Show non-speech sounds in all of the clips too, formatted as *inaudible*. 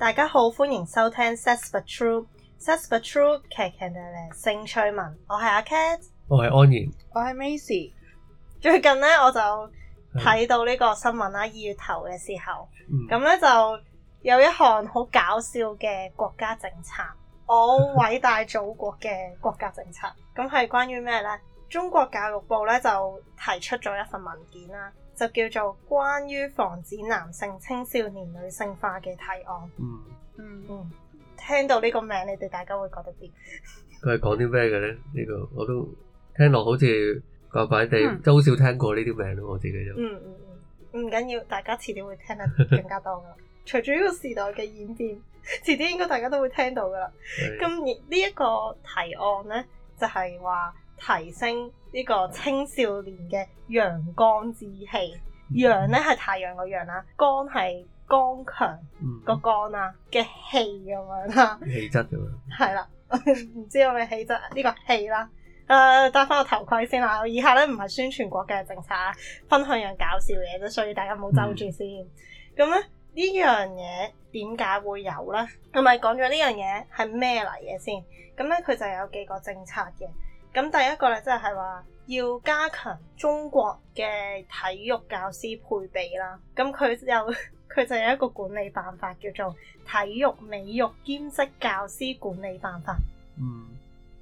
大家好，歡迎收聽《Says But True》奇奇的的，《Says But True》劇劇地地性趣文，我係阿 Cat，我係安然，我係 Macy。最近咧，我就睇到呢個新聞啦，二、嗯、月頭嘅時候，咁咧就有一項好搞笑嘅國家政策，我偉、嗯哦、大祖國嘅國家政策，咁係 *laughs* 關於咩咧？中國教育部咧就提出咗一份文件啦。就叫做關於防止男性青少年女性化嘅提案。嗯嗯嗯，聽到呢個名，你哋大家會覺得點？佢係講啲咩嘅咧？呢、這個我都聽落好似怪怪地，都、嗯、好少聽過呢啲名咯。嗯、我自己就嗯嗯嗯，唔緊要，大家遲啲會聽得更加多噶啦。隨住呢個時代嘅演變，遲啲應該大家都會聽到噶啦。咁的呢一個提案咧，就係話。提升呢個青少年嘅陽光之氣，陽咧係太陽嗰陽啦，光係光強個光啦、啊、嘅氣咁樣吓，氣質咁、就、啊、是，係啦，唔知係咪氣質呢、呢個氣啦？誒、呃，戴翻個頭盔先啦。我以下咧唔係宣傳國家政策，分享樣搞笑嘢啫，所以大家唔好嬲住先。咁咧呢樣嘢點解會有咧？同咪講咗呢樣嘢係咩嚟嘅先？咁咧佢就有幾個政策嘅。咁第一個咧，即係話要加強中國嘅體育教師配備啦。咁佢又佢就有一個管理辦法，叫做《體育美育兼職教師管理辦法》。嗯，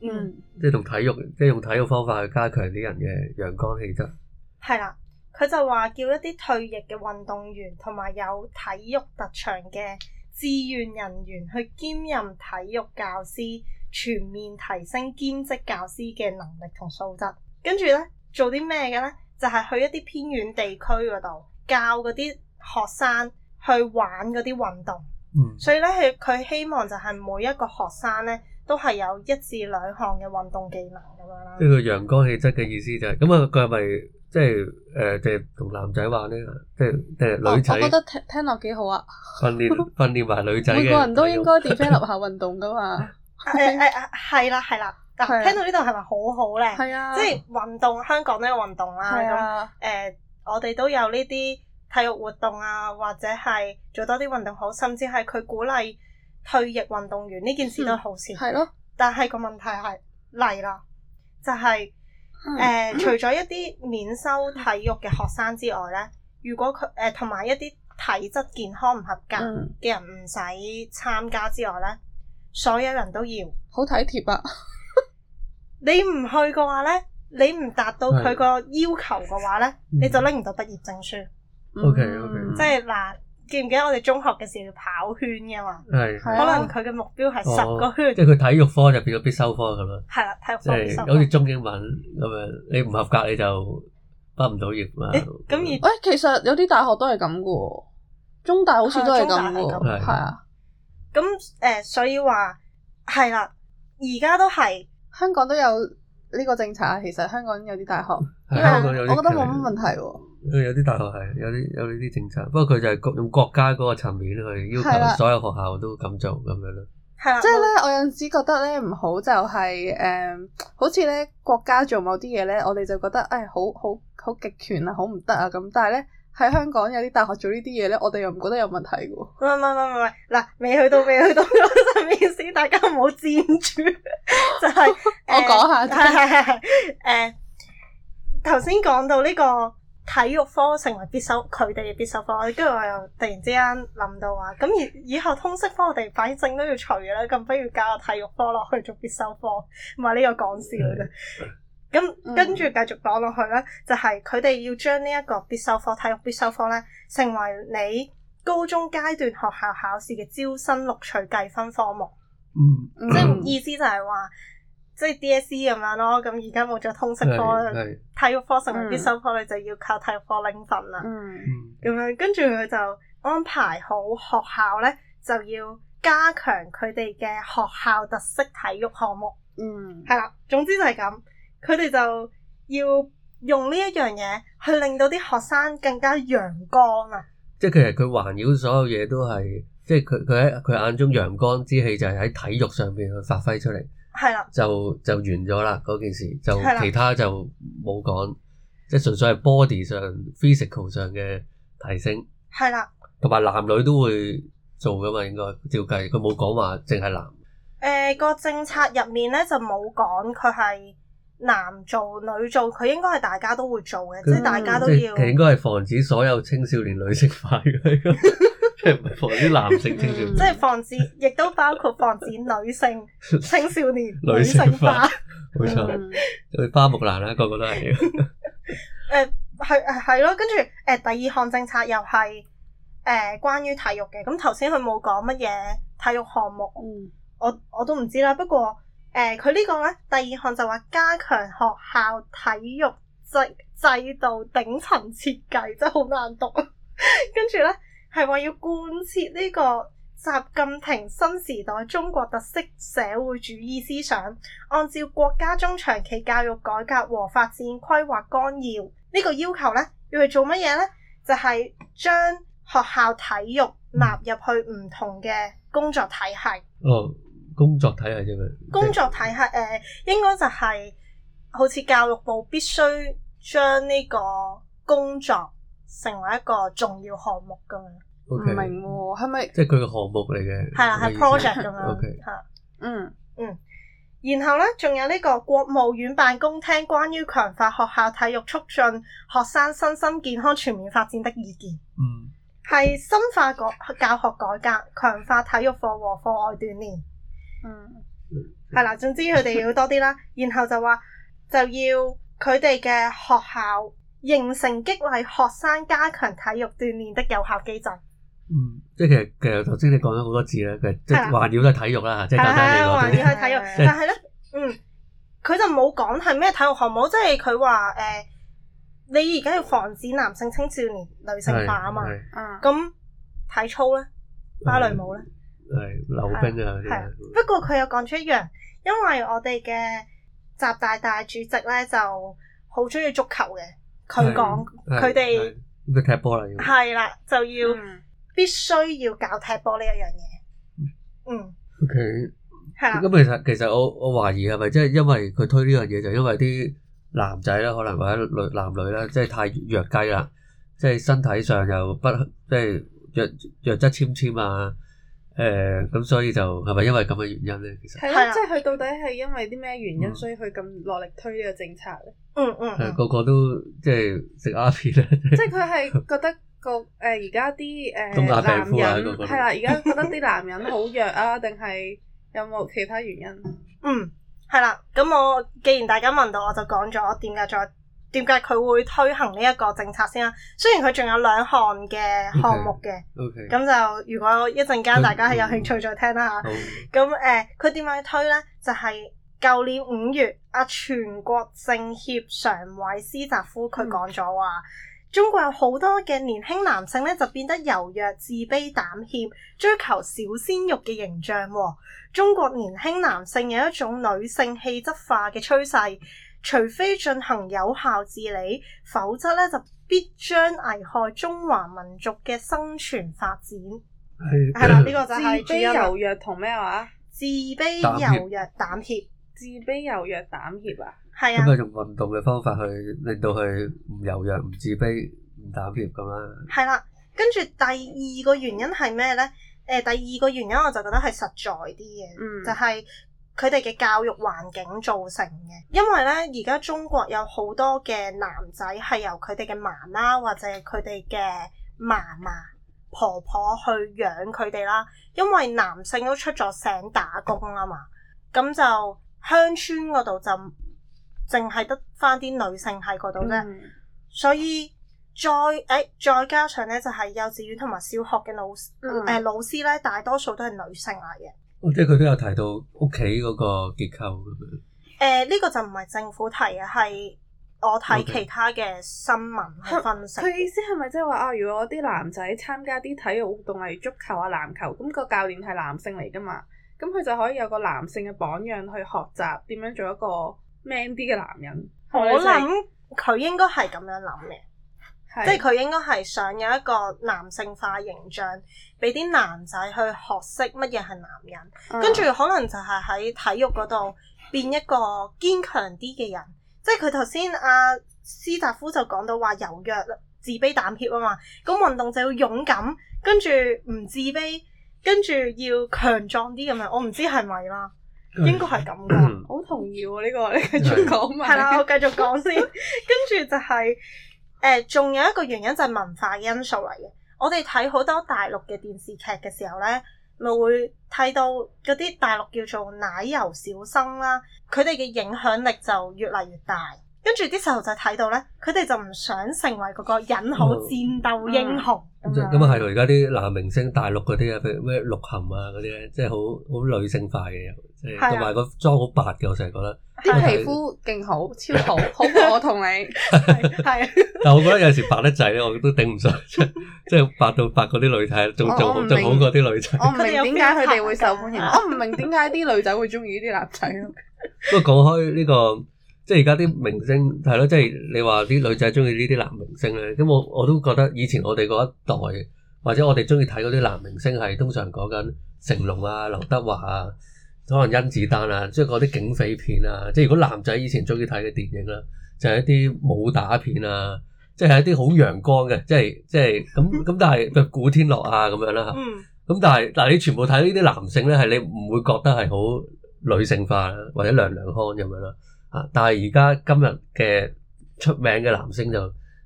嗯，即係用體育，即係用體育方法去加強啲人嘅陽光氣質。係啦，佢就話叫一啲退役嘅運動員同埋有體育特長嘅志願人員去兼任體育教師。全面提升兼職教師嘅能力同素質，跟住咧做啲咩嘅咧？就係、是、去一啲偏遠地區嗰度教嗰啲學生去玩嗰啲運動。嗯，所以咧佢佢希望就係每一個學生咧都係有一至兩項嘅運動技能咁樣啦。呢個、嗯嗯、陽光氣質嘅意思就係咁啊！佢係咪即係誒？即係同男仔玩呢？即係即係女仔、哦？我覺得聽聽落幾好啊！訓練訓練埋女仔每個人都應該 develop 下運動噶嘛。 *laughs* 誒誒誒，係啦係啦，嗱，聽到呢度係咪好好咧？係啊，即係運動，香港呢個運動啦，咁誒，我哋都有呢啲體育活動啊，或者係做多啲運動好，甚至係佢鼓勵退役運動員呢件事都好事。係咯。但係個問題係嚟啦，就係誒，除咗一啲免修體育嘅學生之外咧，如果佢誒同埋一啲體質健康唔合格嘅人唔使參加之外咧。所有人都要，好體貼啊！你唔去嘅話咧，你唔達到佢個要求嘅話咧，你就拎唔到畢業證書。OK，OK，即係嗱，記唔記得我哋中學嘅時候要跑圈嘅嘛。係，可能佢嘅目標係十個圈，即係佢體育科就變咗必修科咁樣。係啦，體育科，即係好似中英文咁樣，你唔合格你就畢唔到業嘛？咁而誒，其實有啲大學都係咁嘅，中大好似都係咁係啊。咁誒、呃，所以話係啦，而家都係香港都有呢個政策啊。其實香港有啲大學，香港我覺得冇乜問題，啊，有。有啲大學係，有啲有呢啲政策，不過佢就係用國家嗰個層面去要求所有學校都咁做咁樣咯。係啦。即係咧，我有陣時覺得咧唔好就係、是、誒、嗯，好似咧國家做某啲嘢咧，我哋就覺得誒好好好極權啊，好唔得啊咁。但係咧。喺香港有啲大學做呢啲嘢咧，我哋又唔覺得有問題喎。唔係唔係唔係，嗱未去到未去到嗰陣面先， *laughs* *laughs* 大家唔好佔住。就係、是、 *laughs* 我講下，係係係係。誒頭先講到呢個體育科成為必修，佢哋嘅必修科，跟住我又突然之間諗到話，咁而以後通識科我哋反正都要除嘅啦，咁不如教個體育科落去做必修科，唔係呢個講笑嘅。 *laughs* 咁跟住繼續講落去咧，就係佢哋要將呢一個必修課、體育必修課咧，成為你高中階段學校考試嘅招生錄取計分科目。嗯，即係意思就係話， *coughs* 即係 DSE 咁樣咯。咁而家冇咗通識科、體育科成為必修科，你、嗯、就要靠體育科拎分啦。嗯，咁樣跟住佢就安排好學校咧，就要加強佢哋嘅學校特色體育項目。嗯，係啦，總之就係咁。佢哋就要用呢一樣嘢去令到啲學生更加陽光啊！即係其實佢環繞所有嘢都係，即係佢佢喺佢眼中陽光之氣就係喺體育上邊去發揮出嚟，係啦的，就就完咗啦嗰件事，就其他就冇講，的即係純粹係 body 上 physical 上嘅提升，係啦的，同埋男女都會做噶嘛，應該照計，佢冇講話淨係男誒、呃嗰個政策入面咧就冇講佢係。男做女做，佢應該係大家都會做嘅，嗯、即係大家都要。佢、嗯、應該係防止所有青少年女性化嘅， *laughs* 即係唔係防止男性青少年。嗯嗯、即係防止，亦都包括防止女性 *laughs* 青少年女性化。冇、嗯、錯，對花木蘭啦、啊，個個都係、 *laughs* 呃。誒，係係咯，跟住誒、呃、第二項政策又係誒、呃、關於體育嘅，咁頭先佢冇講乜嘢體育項目2，我，我我，我都唔知啦，不過。誒，佢、呃、呢個呢，第二項就話加強學校體育制制、制度頂層設計，真係好難讀。 *laughs* 跟住呢係話要貫徹呢個習近平新時代中國特色社會主義思想，按照國家中長期教育改革和發展規劃綱要呢個要求呢，要去做乜嘢呢？就係、是、將學校體育納入去唔同嘅工作體系。嗯。工作體系啫嘛。工作體系誒，應該就係好似教育部必須將呢個工作成為一個重要項目咁樣。唔明喎，係咪、嗯？即係佢個項目嚟嘅。係啊，係 project 咁樣。嚇，嗯嗯。然後咧，仲有呢、這個國務院辦公廳關於強化學校體育促進學生身心健康全面發展的意見。嗯。係深化教學改革，強化體育課和課外鍛鍊。嗯，係啦，總之佢哋要多啲啦， *laughs* 然後就話就要佢哋嘅學校形成激勵學生加強體育鍛鍊的有效機制。嗯，即係其實其實頭先你講咗好多次啦，其實環繞都係體育啦，即係單單你嗰啲環繞係體育，體育的但係呢，嗯，佢就冇講係咩體育項目，即係佢話誒，你而家要防止男性青少年女性化啊嘛，咁、嗯、體操呢，芭蕾舞呢。係溜冰啊！啲不過佢又講出一樣，因為我哋嘅習大大主席咧就好中意足球嘅。佢講佢哋踢波啦，係啦，就要、嗯、必須要教踢波呢一樣嘢。嗯，OK，係咁。其實 Okay, 的其實我我懷疑係咪即係因為佢推呢樣嘢，就是、因為啲男仔啦，可能或者女男女啦，即、就、係、是、太弱雞啦，即、就、係、是、身體上又不即係、就是、弱弱質纖纖啊。誒，咁、呃、所以就係咪因為咁嘅原因咧？其實係咯的，的即係佢到底係因為啲咩原因，嗯、所以佢咁落力推呢個政策咧、嗯？嗯嗯，個個都即係食阿片咧。即係佢係覺得個誒而家啲誒男人係啦，而家覺得啲男人好弱啊？定係 *laughs* 有冇其他原因？嗯，係啦。咁我既然大家問到，我就講咗點解再。點解佢會推行呢一個政策先啦？雖然佢仲有兩項嘅項目嘅，咁 Okay. Okay. 就如果一陣間大家係有興趣再聽啦吓，咁誒 Okay.，佢點樣推呢？就係、是、舊年五月，阿全國政協常委斯澤夫佢講咗話，嗯、中國有好多嘅年輕男性咧就變得柔弱、自卑、膽怯，追求小鮮肉嘅形象。中國年輕男性有一種女性氣質化嘅趨勢。除非進行有效治理，否則咧就必將危害中華民族嘅生存發展。係係啦，呢個就係自卑柔弱同咩話，自卑柔弱膽怯，自卑柔弱膽怯啊！係啊，咁啊用運動嘅方法去令到佢唔柔弱、唔自卑、唔膽怯咁啦。係啦，跟住第二個原因係咩呢？誒、呃，第二個原因我就覺得係實在啲嘅，嗯、就係、是。佢哋嘅教育環境造成嘅，因為咧而家中國有好多嘅男仔係由佢哋嘅媽媽或者佢哋嘅嫲嫲婆婆去養佢哋啦，因為男性都出咗省打工啊嘛，咁就鄉村嗰度就淨係得返啲女性喺嗰度啫，嗯、所以再誒、欸、再加上咧就係、是、幼稚園同埋小學嘅老誒老師咧、嗯呃、大多數都係女性嚟嘅。哦、即係佢都有提到屋企嗰個結構咁樣。誒、呃，呢、呢個就唔係政府提，係我睇其他嘅新聞去分析 Okay.。佢意思係咪即係話啊？如果啲男仔參加啲體育活動，例如足球啊、籃球，咁、咁個教練係男性嚟噶嘛？咁佢就可以有個男性嘅榜樣去學習點樣做一個 man 啲嘅男人。我諗佢應該係咁樣諗嘅。 *laughs* *laughs* 即係佢應該係想有一個男性化形象，俾啲男仔去學識乜嘢係男人，跟住、嗯、可能就係喺體育嗰度變一個堅強啲嘅人。即係佢頭先阿斯達夫就講到話柔弱、自卑、膽怯啊嘛。咁運動就要勇敢，跟住唔自卑，跟住要強壯啲咁樣。我唔知係咪啦，應該係咁嘅。好 *coughs* 同意喎、啊，呢、呢個你繼續講。係啦，我繼續講先。跟住就係、係。仲有一個原因就係文化因素嚟嘅。我哋睇好多大陸嘅電視劇嘅時候咧，咪會睇到啲大陸叫做奶油小生啦，佢哋嘅影響力就越嚟越大。跟住啲細路仔睇到咧，佢哋就唔想成為嗰個引號戰鬥英雄咁啊！咁啊係，而家啲男明星大陸嗰啲啊，譬如咩鹿晗啊嗰啲咧，即係好好女性化嘅，同埋個妝好白嘅，我成日覺得啲皮膚勁好，超好，好過我同你。係。但係我覺得有陣時白得滯咧，我都頂唔順，即係白到白過啲女仔，仲仲仲好過啲女仔。我唔明點解佢哋會受歡迎，我唔明點解啲女仔會中意呢啲男仔咯。不過講開呢個。即係而家啲明星係咯，即係你話啲女仔中意呢啲男明星咧，咁我我都覺得以前我哋嗰一代或者我哋中意睇嗰啲男明星係通常講緊成龍啊、劉德華啊，可能甄子丹啊，即係嗰啲警匪片啊，即係如果男仔以前中意睇嘅電影啦，就係一啲武打片啊，即係一啲好陽光嘅，即係即係咁咁，但係古天樂啊咁樣啦，咁但係，嗱，你全部睇呢啲男性咧，係你唔會覺得係好女性化或者娘娘腔咁樣啦。但係而家今日嘅出名嘅男星就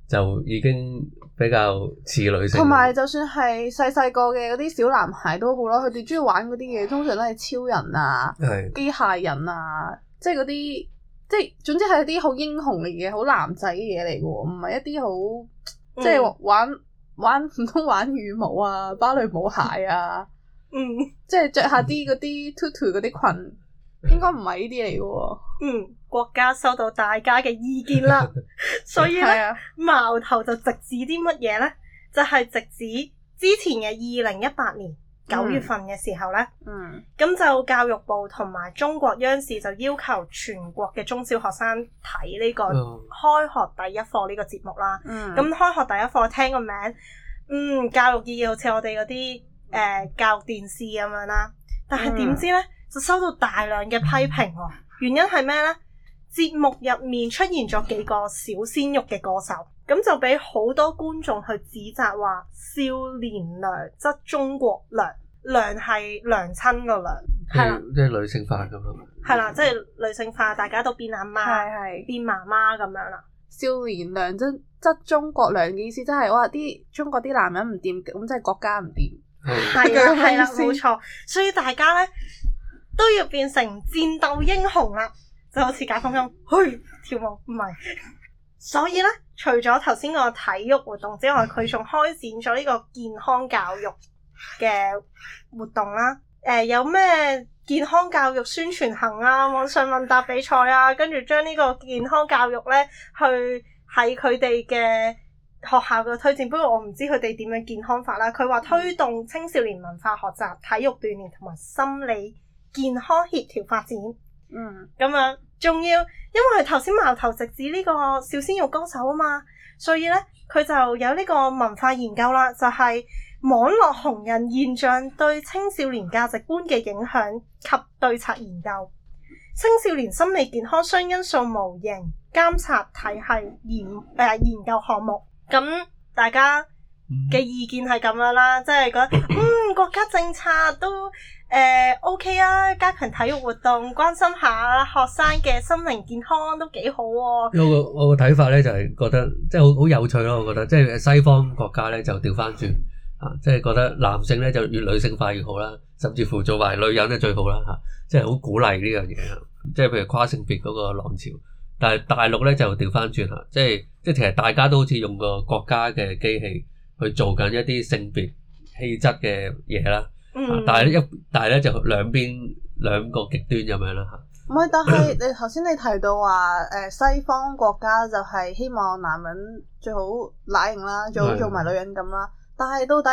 就已經比較似女性，同埋就算係細細個嘅嗰啲小男孩都好咯，佢哋中意玩嗰啲嘢，通常都係超人啊、機是的 械人啊，即係嗰啲即係總之係一啲好英雄嚟嘅，好男仔嘅嘢嚟嘅，唔係一啲好即係玩、嗯、玩唔通玩，玩羽毛啊、芭蕾舞鞋啊，嗯，嗯即些些，即係着下啲嗰啲 tutu 嗰啲裙。應該唔係呢啲嚟嘅。嗯，國家收到大家嘅意見啦， *laughs* 所以咧的矛頭就直指啲乜嘢呢？就係、是、直指之前嘅二零一八年九月份嘅時候呢。嗯，咁就教育部同埋中國央視就要求全國嘅中小學生睇呢個開學第一課呢個節目啦。嗯，咁開學第一課聽個名，嗯，教育意義好似我哋嗰啲誒教育電視咁樣啦。但係點知呢？嗯就收到大量嘅批評喎，哦，原因係咩呢？節目入面出現咗幾個小鮮肉嘅歌手，咁就俾好多觀眾去指責話少年娘則中國娘，娘係娘親個娘，係啦，即女性化咁咯，係啦，即女性化，大家都變阿媽，係係變媽媽咁樣啦。少年娘則則中國娘嘅意思，就係，即係哇啲中國啲男人唔掂，咁即係國家唔掂，係啦係啦，冇錯，所以大家呢。都要變成戰鬥英雄啦，就好似解放軍去跳舞，唔係。 *laughs* 所以呢，除咗頭先個體育活動之外，佢仲開展咗呢個健康教育嘅活動啦。誒、呃，有咩健康教育宣傳行啊，網上問答比賽啊，跟住將呢個健康教育呢去喺佢哋嘅學校嘅推薦。不過我唔知佢哋點樣健康法啦。佢話推動青少年文化學習、體育鍛煉同埋心理健康協調發展，嗯，咁啊，仲要，因為佢頭先矛頭直指呢個小鮮肉歌手啊嘛，所以咧佢就有呢個文化研究啦，就係網絡紅人現象對青少年價值觀嘅影響及對策研究，青少年心理健康雙因素模型監察體係研誒、呃，研究項目，咁大家嘅意見係咁樣啦，即係覺得嗯國家政策都。誒、uh, OK 啊，加強體育活動，關心下學生嘅心靈健康都幾好喎、啊。我個我個睇法咧就係覺得，即係好好有趣咯。我覺得即係、就是、西方國家咧就調翻轉啊，即、就、係、是、覺得男性咧就越女性化越好啦，甚至乎做埋女人咧最好啦嚇，即係好鼓勵呢樣嘢。即係譬如跨性別嗰個浪潮，但係大陸咧就調翻轉嚇，即係即係其實大家都好似用個國家嘅機器去做緊一啲性別氣質嘅嘢啦。嗯，啊、但係一但係咧就兩邊兩個極端咁樣啦吓。唔係，但係你頭先你提到話，誒 *laughs* 西方國家就係希望男人最好乸型啦，最好做埋女人咁啦。但係到底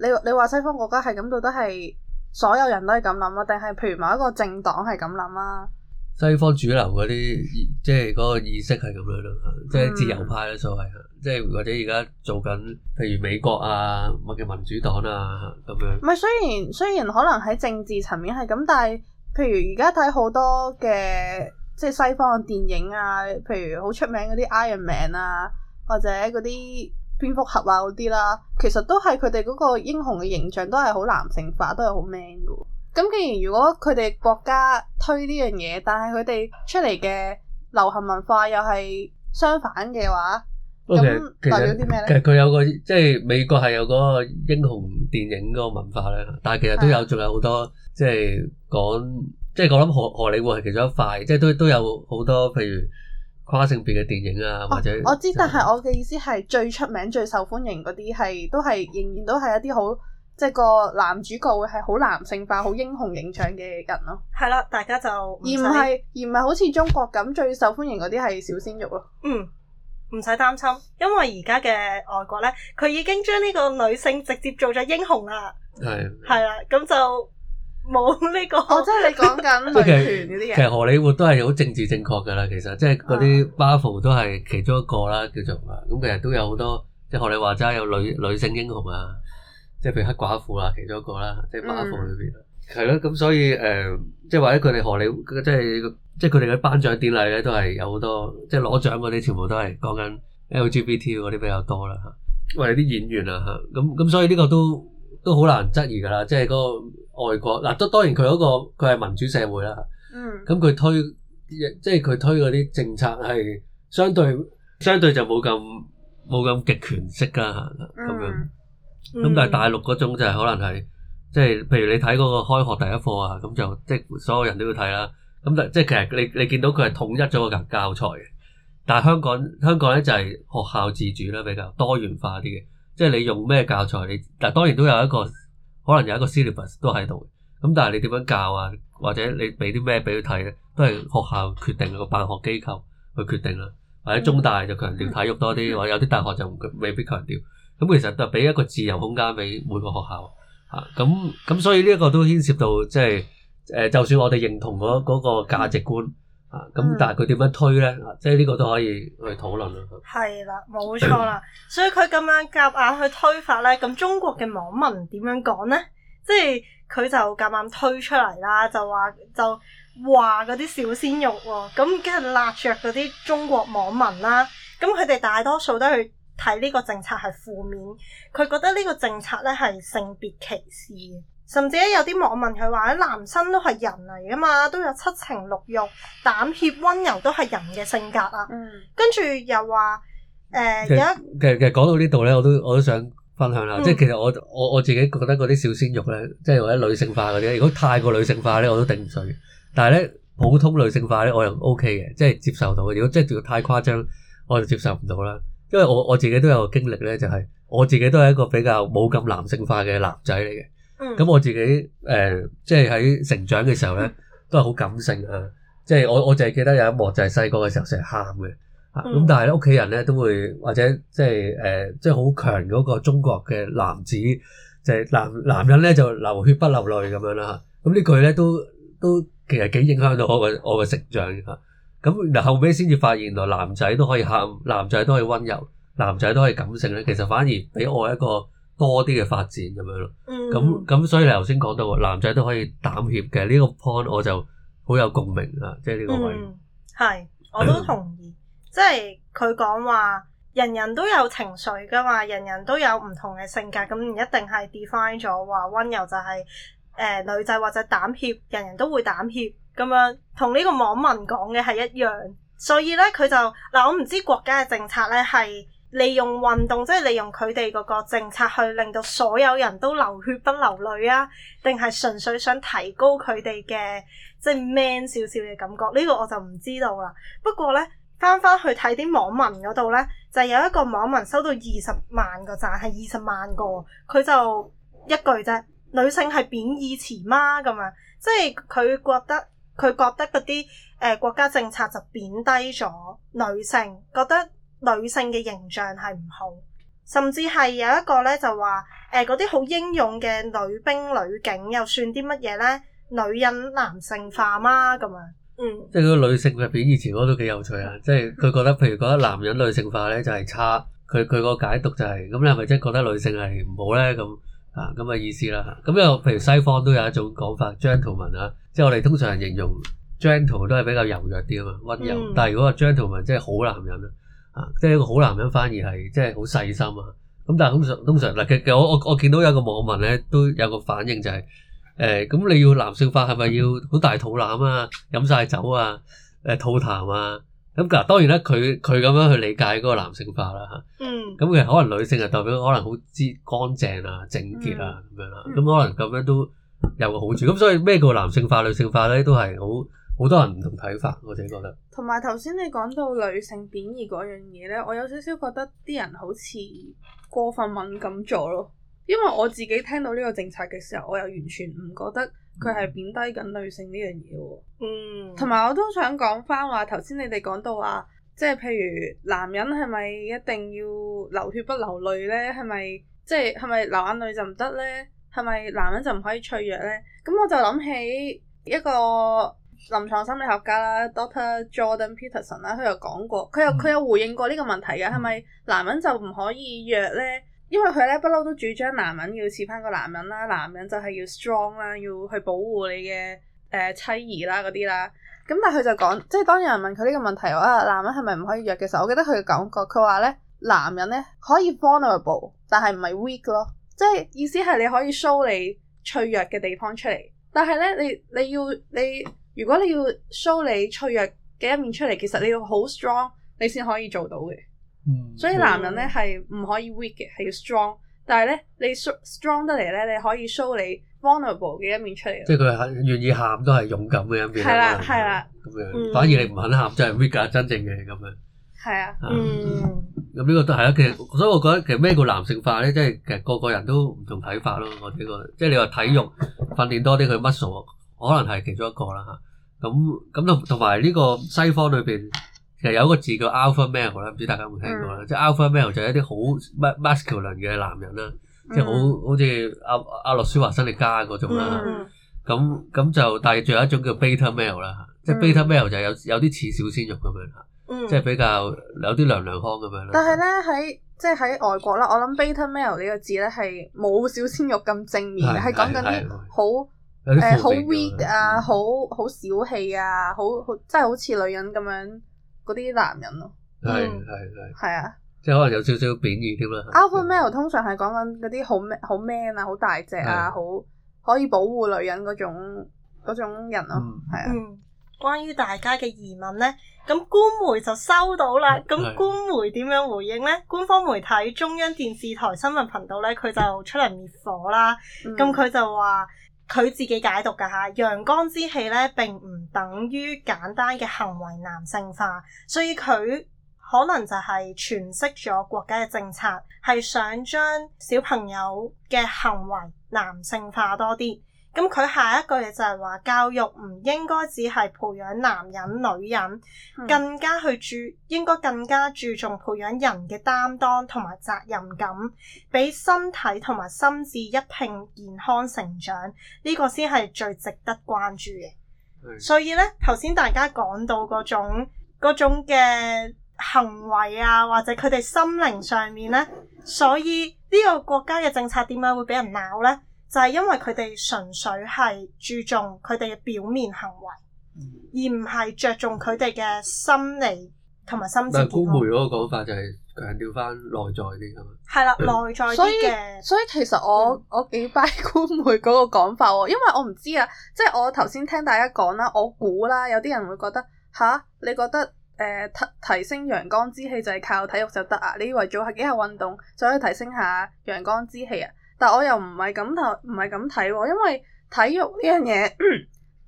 你你話西方國家係咁，到底係所有人都係咁諗啊？定係譬如某一個政黨係咁諗啊？西方主流嗰啲、嗯、即係嗰個意識係咁樣咯，即係自由派咯所謂，即係或者而家做緊，譬如美國啊，乜嘅民主黨啊咁樣。唔係、嗯、雖然雖然可能喺政治層面係咁，但係譬如而家睇好多嘅即係西方嘅電影啊，譬如好出名嗰啲 Iron Man 啊，或者嗰啲蝙蝠俠啊嗰啲啦，其實都係佢哋嗰個英雄嘅形象都係好男性化，都係好 man 㗎喎。咁既然如果佢哋國家推呢樣嘢，但係佢哋出嚟嘅流行文化又係相反嘅話，咁 Okay, 代表啲咩咧？其實佢有個即係美國係有嗰個英雄電影嗰個文化咧，但係其實都有仲是的 有好多即係講，即係我諗荷荷里活係其中一塊，即係都都有好多譬如跨性別嘅電影啊，哦、或者、就係、我知，但係我嘅意思係最出名最受歡迎嗰啲係都係仍然都係一啲好。即係個男主角會係好男性化、好英雄形象嘅人咯。係啦， *laughs* *laughs* 大家就而唔係而唔係好似中國咁最受歡迎嗰啲係小鮮肉咯。嗯，唔使擔心，因為而家嘅外國呢，佢已經將呢個女性直接做咗英雄啦。係係啦，咁就冇呢、這個。即 *laughs* 真你講緊女權呢啲嘢。其實荷里活都係好政治正確㗎啦，其實即係嗰啲 buff 都係其中一個啦，叫做咁。其實都有好多，即係荷里活真係有女女,女性英雄啊。即係譬如黑寡婦啊，其中一個啦，即係寡婦裏邊係咯。咁、mm hmm. 所以誒、呃，即係話咧，佢哋荷里活即係即係佢哋嘅頒獎典禮咧，都係有好多即係攞獎嗰啲，全部都係講緊 LGBT 嗰啲比較多啦吓。或者啲演員啊吓，咁咁所以呢個都都好難質疑噶啦。即係嗰個外國嗱，都、啊、當然佢嗰、那個佢係民主社會啦。咁佢、mm hmm. 推即係佢推嗰啲政策係相對相對就冇咁冇咁極權式噶咁樣。咁、嗯、但係大陸嗰種就係可能係即係，就是、譬如你睇嗰個開學第一課啊，咁就即係、就是、所有人都要睇啦。咁但即係其實你你見到佢係統一咗個教材嘅，但係香港香港咧就係學校自主啦，比較多元化啲嘅。即、就、係、是、你用咩教材，你但當然都有一個可能有一個 syllabus 都喺度。咁但係你點樣教啊？或者你俾啲咩俾佢睇咧，都係學校決定個辦學機構去決定啦。或者中大就強調體育多啲，嗯、或者有啲大學就未必強調。咁其實就俾一個自由空間俾每個學校嚇，咁、啊、咁所以呢一個都牽涉到即係誒，就算我哋認同嗰嗰個價值觀嚇，咁、啊、但係佢點樣推咧？即係呢個都可以去討論啦。係啦，冇錯啦，所以佢咁樣夾硬去推法咧，咁中國嘅網民點樣講咧？即係佢就夾硬，硬推出嚟啦，就話就話嗰啲小鮮肉喎，咁梗係拉着嗰啲中國網民啦，咁佢哋大多數都去。睇呢個政策係負面，佢覺得呢個政策咧係性別歧視，甚至有啲網民佢話，男生都係人嚟噶嘛，都有七情六欲，膽怯、溫柔，都係人嘅性格啦。嗯，跟住又話，誒、呃，其實其實講到呢度咧，我都我都想分享啦。嗯、即係其實我我我自己覺得嗰啲小鮮肉咧，即係或者女性化嗰啲，如果太過女性化咧，我都頂唔順。但係咧，普通女性化咧，我又 OK 嘅，即係接受到。如果即係太誇張，我就接受唔到啦。因為我我自己都有個經歷咧，就係、是、我自己都係一個比較冇咁男性化嘅男仔嚟嘅。咁、嗯、我自己誒，即係喺成長嘅時候咧，都係好感性啊！即、就、係、是、我我淨係記得有一幕就係細個嘅時候成日喊嘅。咁、嗯、但係咧，屋企人咧都會或者即係誒，即係好強嗰個中國嘅男子，就係、是、男男人咧就流血不流淚咁樣啦。咁呢句咧都都其實幾影響到我嘅我嘅成長嘅。咁嗱，後尾先至發現，原來男仔都可以喊，男仔都可以溫柔，男仔都可以感性咧。其實反而俾我一個多啲嘅發展咁樣咯。嗯。咁咁，所以你頭先講到男仔都可以膽怯嘅呢個 point，我就好有共鳴啊！即係呢個位。係、嗯，我都同意。嗯、即係佢講話，人人都有情緒㗎嘛，人人都有唔同嘅性格，咁唔一定係 define 咗話溫柔就係、是、誒、呃、女仔或者膽怯，人人人都會膽怯。咁樣同呢個網民講嘅係一樣，所以呢，佢就嗱，我唔知國家嘅政策呢係利用運動，即係利用佢哋嗰個政策去令到所有人都流血不流淚啊，定係純粹想提高佢哋嘅即係 man 少少嘅感覺？呢個我就唔知道啦。不過呢，翻翻去睇啲網民嗰度呢，就有一個網民收到二十萬個贊，係二十萬個，佢就一句啫，女性係貶義詞嗎？咁樣即係佢覺得。佢覺得嗰啲誒國家政策就貶低咗女性，覺得女性嘅形象係唔好，甚至係有一個咧就話誒嗰啲好英勇嘅女兵女警又算啲乜嘢咧？女人男性化嘛？咁樣，嗯，即係嗰個女性嘅貶義詞嗰都幾有趣啊！即係佢覺得譬如覺得男人女性化咧就係差，佢佢個解讀就係、是、咁。你係咪真係覺得女性係唔好咧咁？啊，咁嘅意思啦。咁、嗯、又譬如西方都有一種講法 gentleman 啊， *noise* gentle man，即係我哋通常形容 gentle 都係比較柔弱啲啊嘛，溫柔。但係如果 gentleman 即係好男人啊，即係一個好男人，反而係即係好細心啊。咁但係通常通常嗱，其、啊、其我我我見到有個網民咧，都有個反應就係、是，誒、欸，咁你要男性化係咪要好大肚腩啊，飲晒酒啊，誒，吐痰啊？咁嗱，當然啦，佢佢咁樣去理解嗰個男性化啦吓，嗯。咁其實可能女性係代表可能好之乾淨啊、整潔啊咁樣啦。咁、嗯、可能咁樣都有個好處。咁、嗯、所以咩叫男性化、女性化咧？都係好好多人唔同睇法。我自己覺得。同埋頭先你講到女性貶義嗰樣嘢咧，我有少少覺得啲人好似過分敏感咗咯。因為我自己聽到呢個政策嘅時候，我又完全唔覺得佢係貶低緊女性呢樣嘢喎。嗯，同埋我都想講翻話頭先你哋講到話，即係譬如男人係咪一定要流血不流淚呢？係咪即係係咪流眼淚就唔得呢？係咪男人就唔可以脆弱呢？咁我就諗起一個臨床心理學家啦，Doctor Jordan Peterson 啦，佢又講過，佢又佢有回應過呢個問題嘅，係咪、嗯、男人就唔可以弱呢？因為佢咧不嬲都主張男人要似翻個男人啦，男人就係要 strong 啦，要去保護你嘅誒、呃、妻兒啦嗰啲啦。咁但係佢就講，即係當有人問佢呢個問題話啊，男人係咪唔可以弱嘅時候，我記得佢嘅感覺，佢話咧男人咧可以 vulnerable，但係唔係 weak 咯。即係意思係你可以 show 你脆弱嘅地方出嚟，但係咧你你要你如果你要 show 你脆弱嘅一面出嚟，其實你要好 strong 你先可以做到嘅。嗯、所以男人咧係唔可以 weak 嘅，係要 strong。但係咧，你 strong 得嚟咧，你可以 show 你 vulnerable 嘅一面出嚟。即係佢係願意喊都係勇敢嘅一面。係啦，係啦。咁樣，反而你唔肯喊就係 weak 啊，真正嘅咁樣。係啊，的的嗯。咁呢個都係啊，其實，所以我覺得其實咩叫男性化咧，即係其實個個人都唔同睇法咯。我覺得，即係你話體育訓練多啲，佢 muscle 可能係其中一個啦吓。咁咁同同埋呢個西方裏邊。其實有一個字叫 alpha male，我唔知大家有冇聽過啦。嗯、即係 alpha male 就係一啲好 masculine 嘅男人啦，即係、嗯、好好似阿阿諾舒華辛力加嗰種啦。咁咁就但係仲有一種叫 beta male 啦，即係 beta male 就有有啲似小鮮肉咁樣，即係、嗯、比較有啲娘娘腔咁樣咯。但係咧喺即係喺外國啦，我諗 beta male 呢個字咧係冇小鮮肉咁正面，係講緊啲好誒好 weak 啊，好好小氣啊，好好即係好似女人咁樣。嗰啲男人咯，係係係，係啊，即係可能有少少貶義添啦。Alpha male 是通常係講緊嗰啲好 man 好 man 啊，好大隻啊，好可以保護女人嗰種嗰種人咯，係啊、嗯是嗯。關於大家嘅疑問呢，咁官媒就收到啦，咁官媒點樣回應呢？是官方媒體中央電視台新聞頻道呢，佢就出嚟滅火啦，咁佢就話。嗯佢自己解讀㗎吓，陽光之氣呢，並唔等於簡單嘅行為男性化，所以佢可能就係詮釋咗國家嘅政策，係想將小朋友嘅行為男性化多啲。咁佢下一句嘢就係話教育唔應該只係培養男人女人，嗯、更加去注應該更加注重培養人嘅擔當同埋責任感，俾身體同埋心智一併健康成長，呢、呢個先係最值得關注嘅。嗯、所以呢，頭先大家講到嗰種嗰種嘅行為啊，或者佢哋心靈上面呢，所以呢個國家嘅政策點解會俾人鬧呢？就係因為佢哋純粹係注重佢哋嘅表面行為，嗯、而唔係着重佢哋嘅心理同埋心態。官媒嗰個講法就係、是、強、嗯、調翻內在啲噶嘛？係啦的，內在啲嘅。所以其實我、嗯、我幾拜官媒嗰個講法喎，因為我唔知啊，即、就、係、是、我頭先聽大家講啦，我估啦，有啲人會覺得吓，你覺得誒提、呃、提升陽光之氣就係靠體育就得啊？你以為做下幾下運動就可以提升下陽光之氣啊？但我又唔係咁睇，唔係咁睇喎，因為體育呢樣嘢，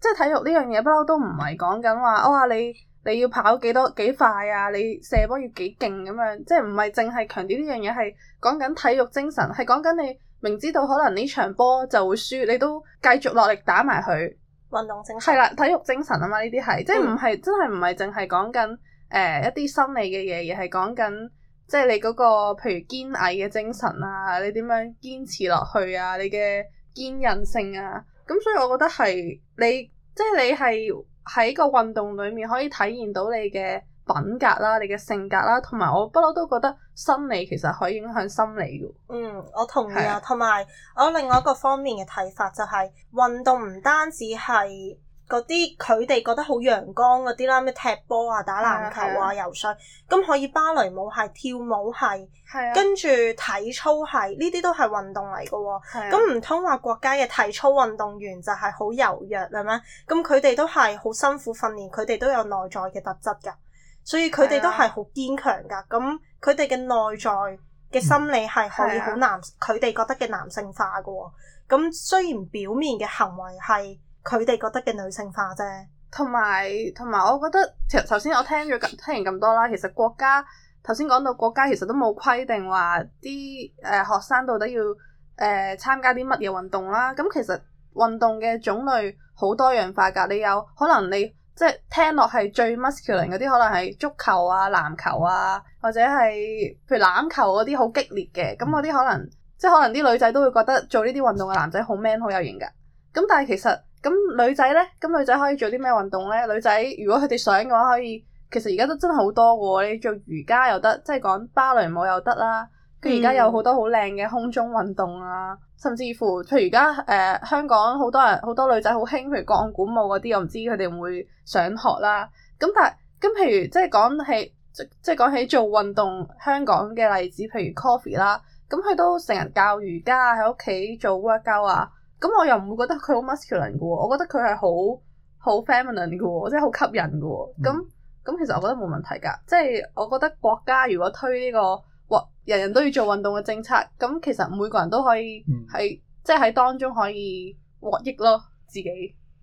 即係體育呢樣嘢不嬲都唔係講緊話，我、哦、你你要跑幾多幾快啊，你射波要幾勁咁樣，即係唔係淨係強調呢樣嘢，係講緊體育精神，係講緊你明知道可能呢場波就會輸，你都繼續落力打埋佢。運動精神係啦，體育精神啊嘛，呢啲係，即係唔係真係唔係淨係講緊誒一啲心理嘅嘢，而係講緊。即係你嗰、那個，譬如堅毅嘅精神啊，你點樣堅持落去啊？你嘅堅韌性啊，咁所以我覺得係你即係、就是、你係喺個運動裏面可以體現到你嘅品格啦、你嘅性格啦，同埋我不嬲都覺得生理其實可以影響心理嘅。嗯，我同意啊。同埋是我另外一個方面嘅睇法就係、是、運動唔單止係。嗰啲佢哋覺得好陽光嗰啲啦，咩踢波啊、打籃球啊、游水，咁的可以芭蕾舞係、跳舞係，的跟住體操係，呢啲都係運動嚟嘅喎。咁唔通話國家嘅體操運動員就係好柔弱咧咩？咁佢哋都係好辛苦訓練，佢哋都有內在嘅特質㗎，所以佢哋都係好堅強㗎。咁佢哋嘅內在嘅心理係可以好男，佢哋的覺得嘅男性化嘅喎、哦。咁雖然表面嘅行為係。佢哋覺得嘅女性化啫，同埋同埋，我覺得其實頭先我聽咗咁聽完咁多啦。其實國家頭先講到國家，其實都冇規定話啲誒學生到底要誒、呃、參加啲乜嘢運動啦。咁、嗯、其實運動嘅種類好多元化㗎。你有可能你即係聽落係最 muscular 嗰啲，可能係足球啊、籃球啊，或者係譬如籃球嗰啲好激烈嘅咁嗰啲，嗯、可能即係可能啲女仔都會覺得做呢啲運動嘅男仔好 man 好有型㗎。咁但係其實。咁女仔咧，咁女仔可以做啲咩運動咧？女仔如果佢哋想嘅話，可以其實而家都真係好多嘅喎，你做瑜伽又得，即係講芭蕾舞又得啦。佢而家有好多好靚嘅空中運動啊，甚至乎譬如而家誒香港好多人好多女仔好興，譬如鋼管舞嗰啲，我唔知佢哋會唔會想學啦。咁但係咁譬如即係講起即係講起做運動，香港嘅例子，譬如 Coffee 啦，咁佢都成日教瑜伽喺屋企做 workout 啊。咁我又唔會覺得佢好 masculine 嘅喎，我覺得佢係好好 feminine 嘅喎，即係好吸引嘅喎。咁咁、嗯、其實我覺得冇問題㗎，即係我覺得國家如果推呢、呢個或人人都要做運動嘅政策，咁其實每個人都可以喺、嗯、即係喺當中可以獲益咯，自己。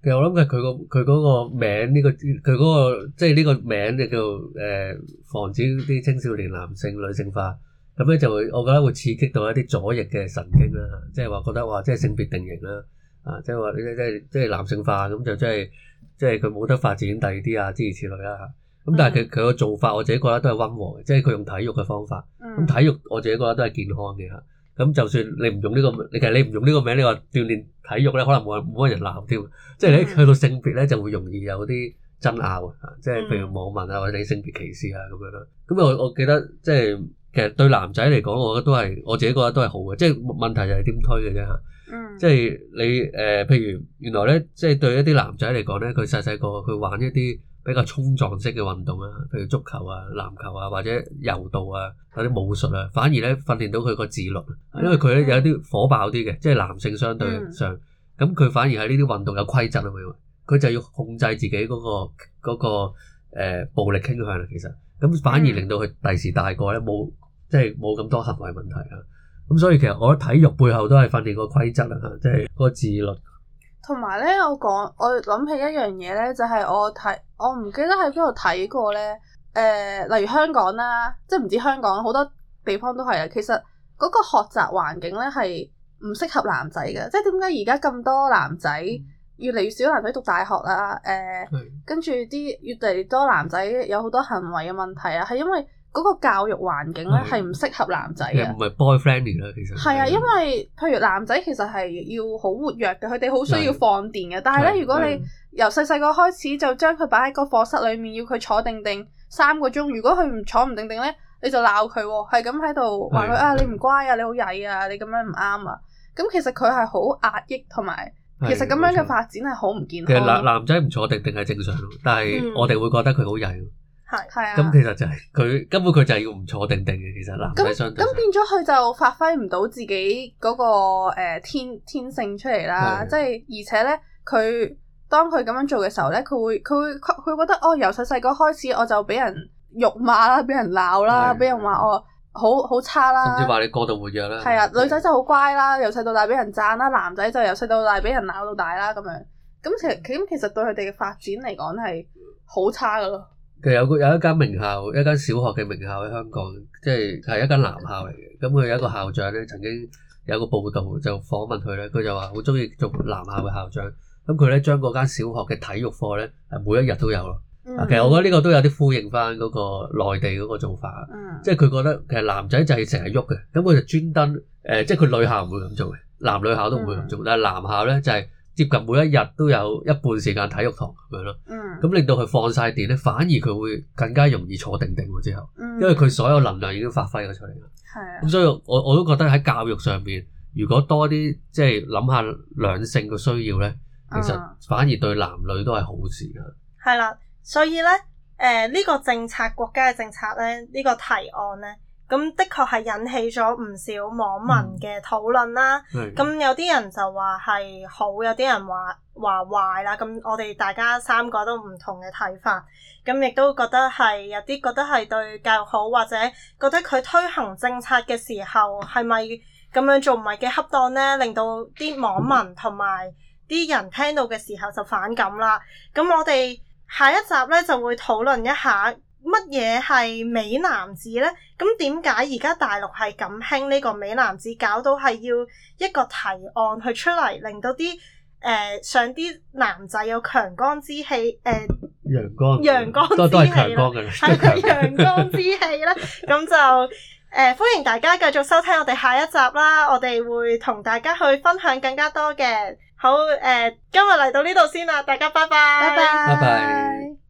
其實我諗係佢個佢嗰個名呢、呢個佢嗰、嗰個即係呢個名就叫誒、呃、防止啲青少年男性女性化。咁咧就會，我覺得會刺激到一啲左翼嘅神經啦、啊，即係話覺得哇，即係性別定型啦、啊，啊，即係話即係即係男性化咁就即、就、係、係，即係佢冇得發展第二啲啊諸如此類啦、啊。咁但係佢佢個做法，我自己覺得都係溫和嘅，即係佢用體育嘅方法。咁體育我自己覺得都係健康嘅嚇。咁就算你唔用呢、呢個，你其實你唔用呢個名，你話鍛鍊體育咧，可能冇冇乜人鬧添。即係你去到性別咧，就會容易有啲爭拗、啊、即係譬如網民啊或者性別歧視啊咁樣啦。咁我我記得即係。其實對男仔嚟講，我覺得都係我自己覺得都係好嘅，即係問題就係點推嘅啫吓。嗯、即係你誒、呃，譬如原來咧，即係對一啲男仔嚟講咧，佢細細個佢玩一啲比較衝撞式嘅運動啊，譬如足球啊、籃球啊，或者柔道啊、或者武術啊，反而咧訓練到佢個自律，因為佢咧、嗯、有一啲火爆啲嘅，即係男性相對上咁，佢、嗯、反而喺呢啲運動有規則啊，佢就要控制自己嗰、嗰個、嗰個誒、嗰個嗰個呃呃、暴力傾向啊，其實。咁反而令到佢第時大個咧冇即係冇咁多行為問題啊！咁、嗯、所以其實我喺體育背後都係訓練個規則啦，即係個自律。同埋咧，我講，我諗起一樣嘢咧，就係、是、我睇我唔記得喺邊度睇過咧。誒、呃，例如香港啦，即係唔止香港，好多地方都係啊。其實嗰個學習環境咧係唔適合男仔嘅，即係點解而家咁多男仔？越嚟越少男仔讀大學啦，誒、呃，跟住啲越嚟越多男仔有好多行為嘅問題啊，係因為嗰個教育環境咧係唔適合男仔嘅。唔係 boy friendly 啦，其實係啊，因為譬如男仔其實係要好活躍嘅，佢哋好需要放電嘅。是但係咧是，如果你由細細個開始就將佢擺喺個課室裏面，要佢坐不定定坐定定三個鐘，如果佢唔坐唔定定咧，你就鬧佢喎，係咁喺度話佢啊，的你唔乖啊，你好曳啊，你咁樣唔啱啊，咁其實佢係好壓抑同埋。其實咁樣嘅發展係好唔健康。其實男男仔唔坐定定係正常，但係我哋會覺得佢好曳。係係啊。咁其實就係佢根本佢就係要唔坐定定嘅。其實男仔相對，咁咁變咗，佢就發揮唔到自己嗰個誒天天性出嚟啦。即係而且咧，佢當佢咁樣做嘅時候咧，佢會佢會佢會覺得哦，由細細個開始我就俾人辱罵啦，俾人鬧啦，俾人話的我。好好差啦，甚至話你過度活躍啦。係啊，女仔就好乖啦，由細到大俾人讚啦，男仔就由細到大俾人鬧到大啦咁樣。咁其實其實對佢哋嘅發展嚟講係好差噶咯。其實有個有一間名校，一間小學嘅名校喺香港，即係係一間男校嚟嘅。咁佢有一個校長咧，曾經有一個報導就訪問佢咧，佢就話好中意做男校嘅校長。咁佢咧將嗰間小學嘅體育課咧係每一日都有。嗯、其實我覺得呢個都有啲呼應翻嗰個內地嗰個做法，嗯、即係佢覺得其實男仔就係成日喐嘅，咁佢就專登誒，即係佢女校唔會咁做嘅，男女校都唔會咁做，嗯、但係男校呢，就係、是、接近每一日都有一半時間體育堂咁、嗯、樣咯，咁令到佢放晒電呢，反而佢會更加容易坐定定喎之後，嗯、因為佢所有能量已經發揮咗出嚟啦。係咁、嗯、所以我我都覺得喺教育上面，如果多啲即係諗下兩性嘅需要呢，其實反而對男女都係好事㗎。係啦、嗯。嗯。所以咧，誒、呃、呢、呢個政策，國家嘅政策咧，呢、呢個提案咧，咁的確係引起咗唔少網民嘅討論啦。咁、嗯、有啲人就話係好，有啲人話話壞啦。咁我哋大家三個都唔同嘅睇法，咁亦都覺得係有啲覺得係對教育好，或者覺得佢推行政策嘅時候係咪咁樣做唔係幾恰當咧，令到啲網民同埋啲人聽到嘅時候就反感啦。咁我哋。下一集咧就會討論一下乜嘢係美男子呢。咁點解而家大陸係咁興呢個美男子？搞到係要一個提案去出嚟，令到啲誒上啲男仔有強光之氣誒，陽光陽光多係陽光嘅陽光之氣呢。咁 *laughs* 就誒、呃、歡迎大家繼續收聽我哋下一集啦，我哋會同大家去分享更加多嘅。好誒、呃，今日嚟到呢度先啦，大家拜拜，拜拜 bye。Bye bye